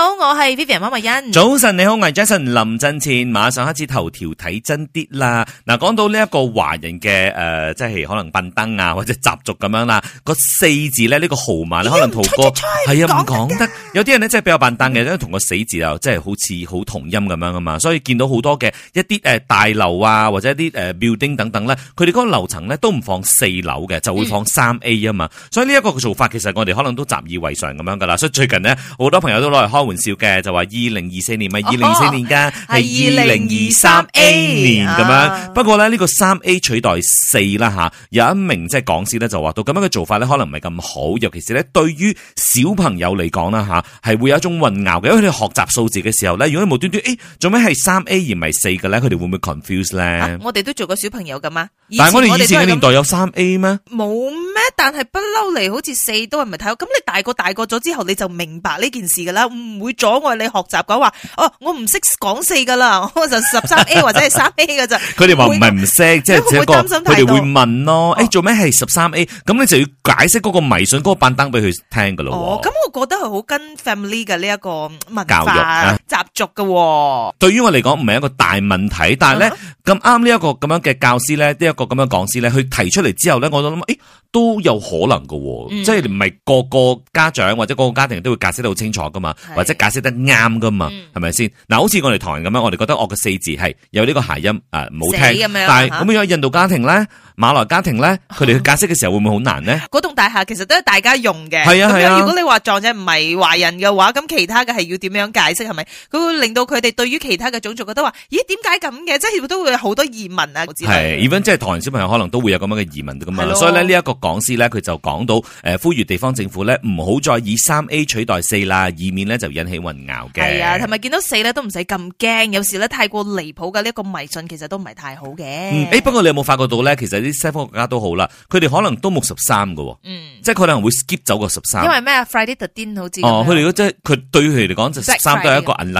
好，Hello，我係 Vivian 馬文欣。早晨，你好，我係 Jason 林振倩。馬上開始頭條睇真啲啦。嗱，講到呢一個華人嘅誒，即係可能笨登啊，或者習俗咁樣啦。個四字咧，呢、這個號碼咧，些你可能陶哥係啊，唔講說得有。有啲人咧，即係比較笨登嘅，嗯、因為同個死字啊，即係好似好同音咁樣啊嘛。所以見到好多嘅一啲誒大樓啊，或者一啲誒 building 等等咧，佢哋嗰個樓層咧都唔放四樓嘅，就會放三 A 啊嘛。嗯、所以呢一個做法，其實我哋可能都習以為常咁樣噶啦。所以最近咧，好多朋友都攞嚟玩笑嘅就話二零二四年咪二零二四年噶係二零二三 A 年咁樣，不過咧呢個三 A 取代四啦吓，有一名即係講師咧就話到咁樣嘅做法咧可能唔係咁好，尤其是咧對於小朋友嚟講啦吓，係會有一種混淆嘅，因為佢哋學習數字嘅時候咧，如果你無端端誒做咩係三 A 而唔係四嘅咧，佢哋會唔會 confuse 咧？我哋都做過小朋友噶嘛，但係我哋以前嘅年代有三 A 咩？冇咩，但係不嬲嚟好似四都係唔係睇？咁你大個大個咗之後，你就明白呢件事噶啦。唔會阻礙你學習講話哦，我唔識講四噶啦，我就十三 A 或者係三 A 噶咋。 佢哋話唔係唔識，即係擔心佢哋會問咯。誒，做咩係十三 A？咁，嗯嗯、你就要解釋嗰個迷信，嗰個板凳俾佢聽噶咯。哦，咁，哦、我覺得係好跟 family 嘅呢一個教育，啊。合作嘅，對於我嚟講唔係一個大問題，但係咧咁啱呢一個咁樣嘅教師咧，呢一個咁樣講師咧，佢提出嚟之後咧，我都諗誒都有可能噶，即係唔係個個家長或者個個家庭都會解釋得好清楚噶嘛，或者解釋得啱噶嘛，係咪先？嗱，好似我哋唐人咁樣，我哋覺得我嘅四字係有呢個諧音啊，唔好聽，但係咁樣印度家庭咧、馬來家庭咧，佢哋去解釋嘅時候會唔會好難咧？嗰棟大廈其實都係大家用嘅，係啊係啊。如果你話撞者唔係華人嘅話，咁其他嘅係要點樣解釋係咪？佢會令到佢哋對於其他嘅種族覺得話，咦點解咁嘅？即係都會有好多疑問啊！係，而家即係唐人小朋友可能都會有咁樣嘅疑問都咁。所以呢一個講師咧，佢就講到誒，呼籲地方政府咧唔好再以三 A 取代四啦，以免咧就引起混淆嘅。係啊，同埋見到四咧都唔使咁驚，有時咧太過離譜嘅呢一個迷信其實都唔係太好嘅、嗯欸。不過你有冇發覺到咧？其實啲西方國家都好啦，佢哋可能都冇十三嘅喎。嗯、即係佢可能會 skip 走個十三。因為咩？Friday the 13好似。哦，佢哋如果即係佢對佢哋嚟講就十三都係一個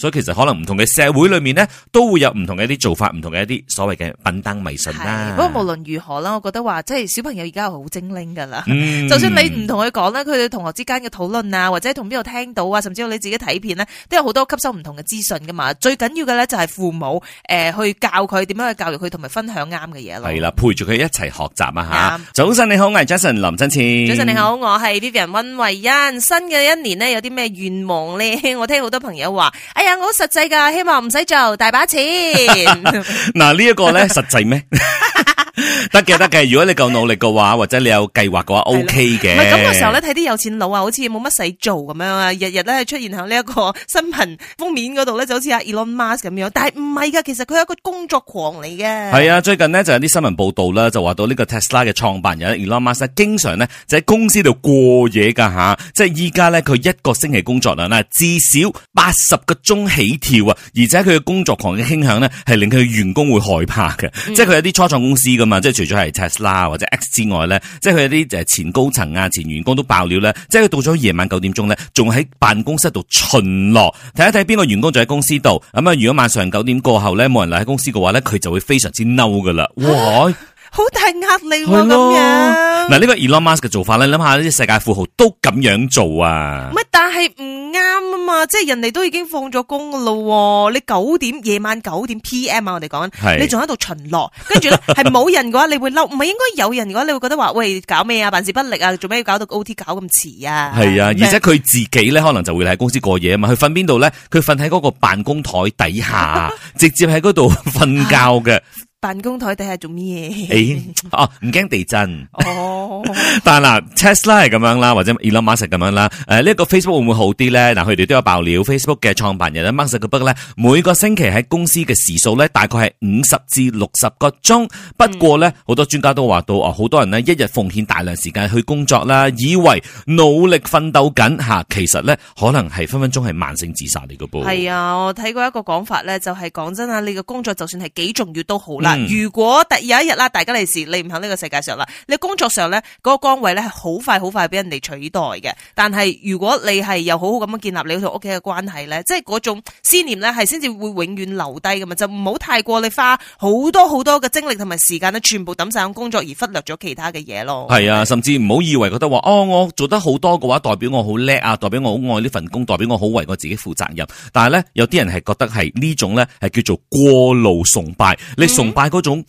所以其實可能唔同嘅社會裏面呢，都會有唔同嘅一啲做法，唔同嘅一啲所謂嘅品登迷信啦。不過無論如何啦，我覺得話即係小朋友而家係好精靈噶啦，嗯、就算你唔同佢講啦，佢哋同學之間嘅討論啊，或者同邊度聽到啊，甚至你自己睇片呢，都有好多吸收唔同嘅資訊噶嘛。最緊要嘅咧就係父母誒、呃、去教佢點樣去教育佢，同埋分享啱嘅嘢咯。係啦，陪住佢一齊學習啊吓。對早晨你好，我係 Jason 林振前。早晨你好，我係 Vivian 溫慧欣。新嘅一年呢，有啲咩願望咧？我聽好多朋友話，哎呀～好實際噶，希望唔使做大把錢。嗱， 呢一個咧實際咩？ 得嘅，得嘅。如果你夠努力嘅話，或者你有計劃嘅話 ，OK 嘅的。唔係咁嘅時候咧，睇啲有錢佬啊，好似冇乜使做咁樣啊，日日咧出現喺呢一個新聞封面嗰度咧，就好似阿 Elon Musk 咁樣。但係唔係噶，其實佢係一個工作狂嚟嘅。係啊，最近呢，就有啲新聞報道啦，就話到呢個 Tesla 嘅創辦人 Elon Musk 經常呢，就喺公司度過夜噶吓、啊。即係依家咧佢一個星期工作量咧至少八十個鐘起跳啊，而且佢嘅工作狂嘅傾向呢，係令佢員工會害怕嘅。嗯、即係佢有啲初創公司噶嘛，除咗係特斯拉或者 X 之外咧，即係佢有啲就係前高層啊、前員工都爆料咧，即係佢到咗夜晚九點鐘咧，仲喺辦公室度巡邏，睇一睇邊個員工仲喺公司度。咁啊，如果晚上九點過後咧，冇人留喺公司嘅話咧，佢就會非常之嬲噶啦，哇！好大壓力咯咁樣。嗱，呢個 Elon Musk 嘅做法咧，諗下呢啲世界富豪都咁樣做啊。唔係，但係唔啱啊嘛！即係人哋都已經放咗工噶咯。你九點夜晚九點 PM 啊，我哋講，你仲喺度巡邏，跟住咧係冇人嘅話，你會嬲。唔係應該有人嘅話，你會覺得話喂，搞咩啊？辦事不力啊？做咩要搞到 OT 搞咁遲啊？係啊，而且佢自己咧，可能就會喺公司過夜啊嘛。佢瞓邊度咧？佢瞓喺嗰個辦公台底下，直接喺嗰度瞓覺嘅。辦公台底下做咩嘢，哎？哦，唔驚地震 哦。但嗱，Tesla 係咁樣啦，或者 Elon Musk 咁樣啦。誒、呃、呢、這個 Facebook 會唔會好啲咧？嗱、呃，佢哋都有爆料 ，Facebook 嘅創辦人咧，馬克 o o k 咧，每個星期喺公司嘅時數咧，大概係五十至六十個鐘。不過咧，好、嗯、多專家都話到好、呃、多人呢一日奉獻大量時間去工作啦，以為努力奮鬥緊吓，其實咧，可能係分分鐘係慢性自殺嚟嘅噃。係啊，我睇過一個講法咧，就係、是、講真啊，你嘅工作就算係幾重要都好啦。嗯嗯、如果第有一日啦，大家嚟時你唔喺呢個世界上啦，你工作上咧嗰、那個崗位咧係好快好快俾人哋取代嘅。但係如果你係又好好咁樣建立你同屋企嘅關係咧，即係嗰種思念咧係先至會永遠留低噶嘛。就唔好太過你花好多好多嘅精力同埋時間咧，全部抌晒喺工作而忽略咗其他嘅嘢咯。係啊，甚至唔好以為覺得話哦，我做得好多嘅話，代表我好叻啊，代表我好愛呢份工，代表我好為我自己負責任。但係咧，有啲人係覺得係呢種咧係叫做過路崇拜，你崇拜。但嗰種。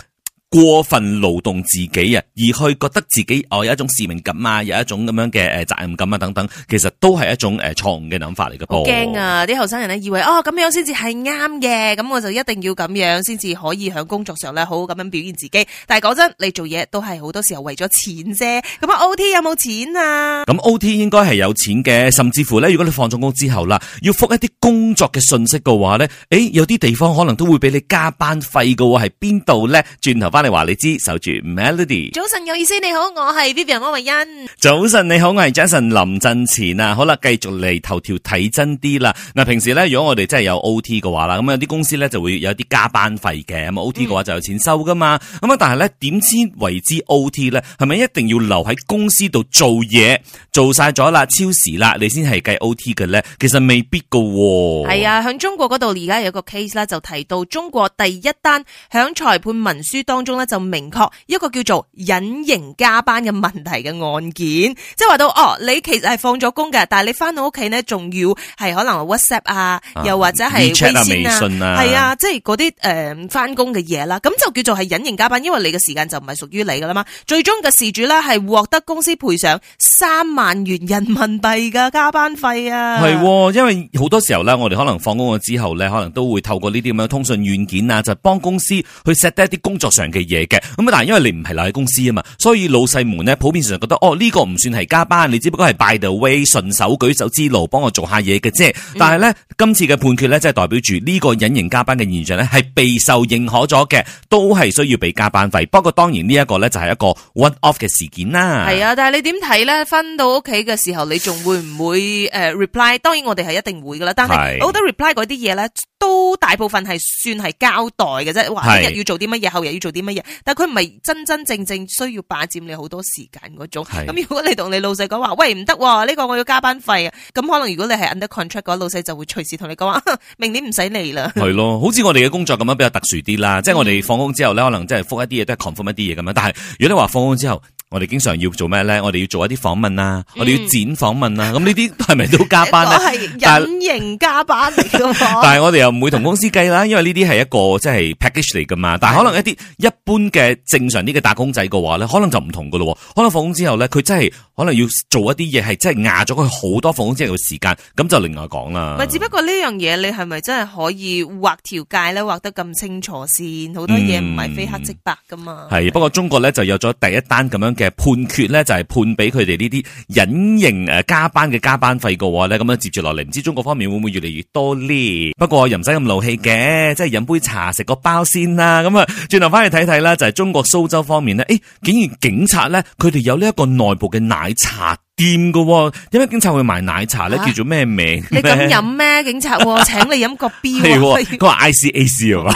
過分勞動自己啊，而去覺得自己哦有一種使命感啊，有一種咁樣嘅誒責任感啊等等，其實都係一種誒錯誤嘅諗法嚟嘅。好驚啊！啲後生人呢以為哦咁樣先至係啱嘅，咁我就一定要咁樣先至可以喺工作上咧好好咁樣表現自己。但係講真，你做嘢都係好多時候為咗錢啫。咁啊，O T 有冇錢啊？咁 O T 應該係有錢嘅，甚至乎咧，如果你放咗工之後啦，要複一啲工作嘅信息嘅話咧，誒，有啲地方可能都會俾你加班費嘅話，喺邊度咧？轉頭翻。你話你知守住 Melody。早晨有意思，你好，我係 Vivian 安慧欣。早晨你好，我係 Jason 林振前啊。好啦，繼續嚟頭條睇真啲啦。嗱、啊，平時咧如果我哋真係有 O T 嘅話啦，咁有啲公司咧就會有啲加班費嘅。咁 O T 嘅話就有錢收噶嘛。咁啊、嗯，但係咧點知為之 O T 咧？係咪一定要留喺公司度 做嘢做晒咗啦，超時啦，你先係計 O T 嘅咧？其實未必噶。係啊，喺、啊、中國嗰度而家有一個 case 啦，就提到中國第一單響裁判文書當中。咧就明確一個叫做隱形加班嘅問題嘅案件，即係話到哦，你其實係放咗工嘅，但係你翻到屋企咧，仲要係可能 WhatsApp 啊，又或者係微信啊，係啊，啊，啊，啊，即係啲誒翻工嘅嘢啦，咁、呃、就叫做係隱形加班，因為你嘅時間就唔係屬於你噶啦嘛。最終嘅事主咧係獲得公司賠償三萬元人民幣嘅加班費啊，係、哦，因為好多時候咧，我哋可能放工咗之後咧，可能都會透過呢啲咁嘅通訊軟件啊，就幫、是、公司去 set 低一啲工作上嘅。嘢嘅咁啊！但係因為你唔係留喺公司啊嘛，所以老細們咧普遍上覺得哦呢個唔算係加班，你只不過係 by the way 順手舉手之勞幫我做下嘢嘅啫。但係咧、嗯、今次嘅判決咧，即係代表住呢個隱形加班嘅現象咧係備受認可咗嘅，都係需要俾加班費。不過當然呢一個咧就係一個 one off 嘅事件啦。係啊，但係你點睇咧？翻到屋企嘅時候，你仲會唔會誒 reply？當然我哋係一定會噶啦。但係我得 reply 嗰啲嘢咧，都大部分係算係交代嘅啫。話聽日要做啲乜嘢，後日要做啲乜？但係佢唔係真真正正需要霸佔你好多時間嗰種，咁是如果你同你老細講話，喂，唔得，呢、這個我要加班費啊，咁可能如果你係 under contract 嘅話，老細就會隨時同你講話，明年唔使嚟啦。係咯，好似我哋嘅工作咁樣比較特殊啲啦，嗯、即係我哋放工之後咧，可能即係復一啲嘢，都係 confirm 一啲嘢咁樣。但係如果你話放工之後，我哋經常要做咩咧？我哋要做一啲訪問啦、啊，我哋要剪訪問啦、啊。咁呢啲係咪都加班咧？係隱形加班嚟噶嘛？但係我哋又唔會同公司計啦，因為呢啲係一個即係、就是、package 嚟噶嘛。但係可能一啲是的 一般嘅正常啲嘅打工仔嘅話咧，可能就唔同噶咯。可能放工之後咧，佢真係可能要做一啲嘢，係真係壓咗佢好多放工之後嘅時間。咁就另外講啦。唔，係，只不過呢樣嘢你係咪真係可以劃條界咧？劃得咁清楚先，好多嘢唔係非黑即白噶嘛。係的，的不過中國咧就有咗第一單咁樣。嘅判決咧，就係判俾佢哋呢啲隱形加班嘅加班費嘅話咧，咁樣接住落嚟，唔知中國方面會唔會越嚟越多呢？不過又唔使咁勞氣嘅，即係飲杯茶食個包先啦。咁啊，轉頭翻去睇睇啦，就係、是、中國蘇州方面咧，誒、欸，竟然警察咧，佢哋有呢一個內部嘅奶茶。飲嘅，點解警察會賣奶茶咧？啊、叫做咩名？你敢飲咩？警察，請你飲個啤、啊。佢話 I C A C 啊嘛。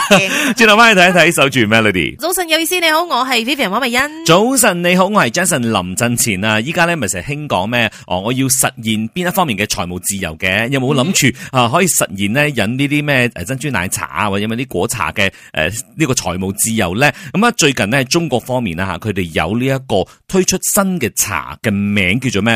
轉頭翻去睇一睇《守住 Melody》。早晨，有意思你好，我係 Vivian 黃美欣。早晨你好，我係 Jason 林振前啊！依家咧咪成日興講咩？哦，我要實現邊一方面嘅財務自由嘅，有冇諗住啊？可以實現咧飲呢啲咩誒珍珠奶茶啊，或者有啲果茶嘅誒呢個財務自由咧？咁、嗯、啊，最近呢，中國方面啊，吓，佢哋有呢一個推出新嘅茶嘅名叫做咩？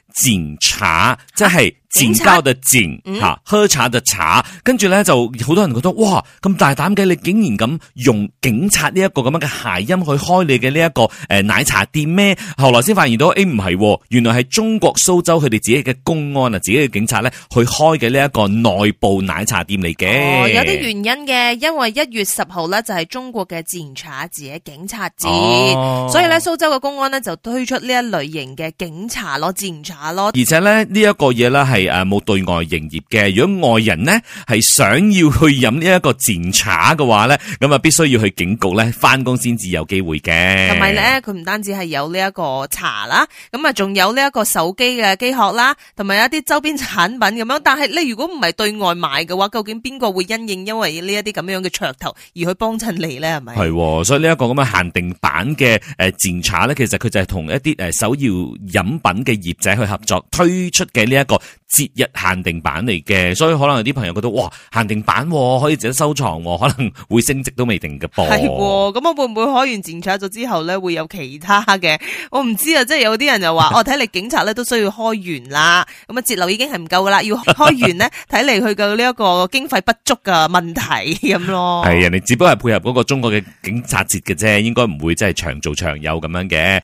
警茶即係警交嘅警吓，喝茶嘅茶。跟住咧就好多人覺得哇，咁大膽嘅，你竟然咁用警察呢一個咁樣嘅諧音去開你嘅呢一個誒、呃、奶茶店咩？後來先發現到誒唔係、哦，原來係中國蘇州佢哋自己嘅公安啊，自己嘅警察咧去開嘅呢一個內部奶茶店嚟嘅、哦。有啲原因嘅，因為一月十號咧就係、是、中國嘅警茶節警察節，哦、所以咧蘇州嘅公安呢就推出呢一類型嘅警察攞警茶。啊！咯，而且咧呢一個嘢咧係誒冇對外營業嘅。如果外人咧係想要去飲呢一個禪茶嘅話咧，咁啊必須要去警局咧翻工先至有機會嘅。同埋咧，佢唔單止係有呢一個茶啦，咁啊仲有呢一個手機嘅機殼啦，同埋一啲周邊產品咁樣。但係你如果唔係對外賣嘅話，究竟邊個會因應因為呢一啲咁樣嘅噱頭而去幫襯你咧？係咪？係，所以呢一個咁嘅限定版嘅誒禪茶咧，其實佢就係同一啲誒首要飲品嘅業者去，合作推出嘅呢一個節日限定版嚟嘅，所以可能有啲朋友覺得哇，限定版，哦，可以值得收藏，哦，可能會升值都未定嘅噃。係，咁我會唔會開完戰搶咗之後咧會有其他嘅？我唔知啊，即，就，係，是，有啲人又話，哦，睇嚟，警察咧都需要開完啦，咁啊節流已經係唔夠噶啦，要開完咧，睇嚟佢嘅呢一個經費不足嘅問題咁咯。係，人哋只不過係配合嗰個中國嘅警察節嘅啫，應該唔會即係長做長有咁樣嘅。